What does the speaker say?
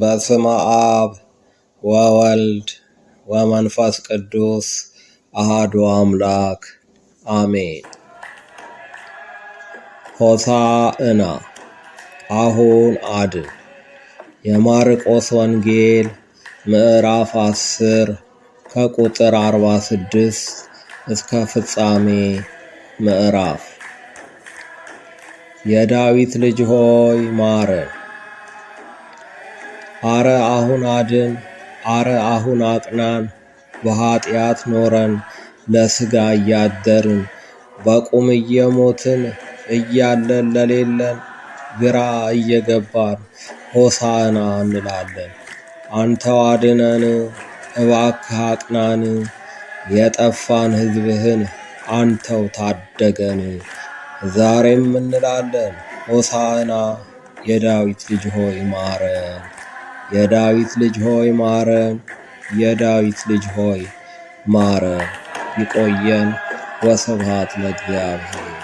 በስመ አብ ወወልድ ወመንፈስ ቅዱስ አሃዱ አምላክ አሜን። ሆሳዕና አሁን አድን። የማርቆስ ወንጌል ምዕራፍ 10 ከቁጥር 46 እስከ ፍጻሜ ምዕራፍ። የዳዊት ልጅ ሆይ ማረን። አረ አሁን አድን፣ አረ አሁን አቅናን፣ በኃጢአት ኖረን ለስጋ እያደርን በቁም እየሞትን እያለን ለሌለን ግራ እየገባን ሆሳና እንላለን። አንተው አድነን እባክህ አቅናን፣ የጠፋን ሕዝብህን አንተው ታደገን። ዛሬም እንላለን ሆሳና የዳዊት ልጅ ሆይ ማረን። የዳዊት ልጅ ሆይ ማረን። የዳዊት ልጅ ሆይ ማረን። ይቆየን። ወስብሐት ለእግዚአብሔር።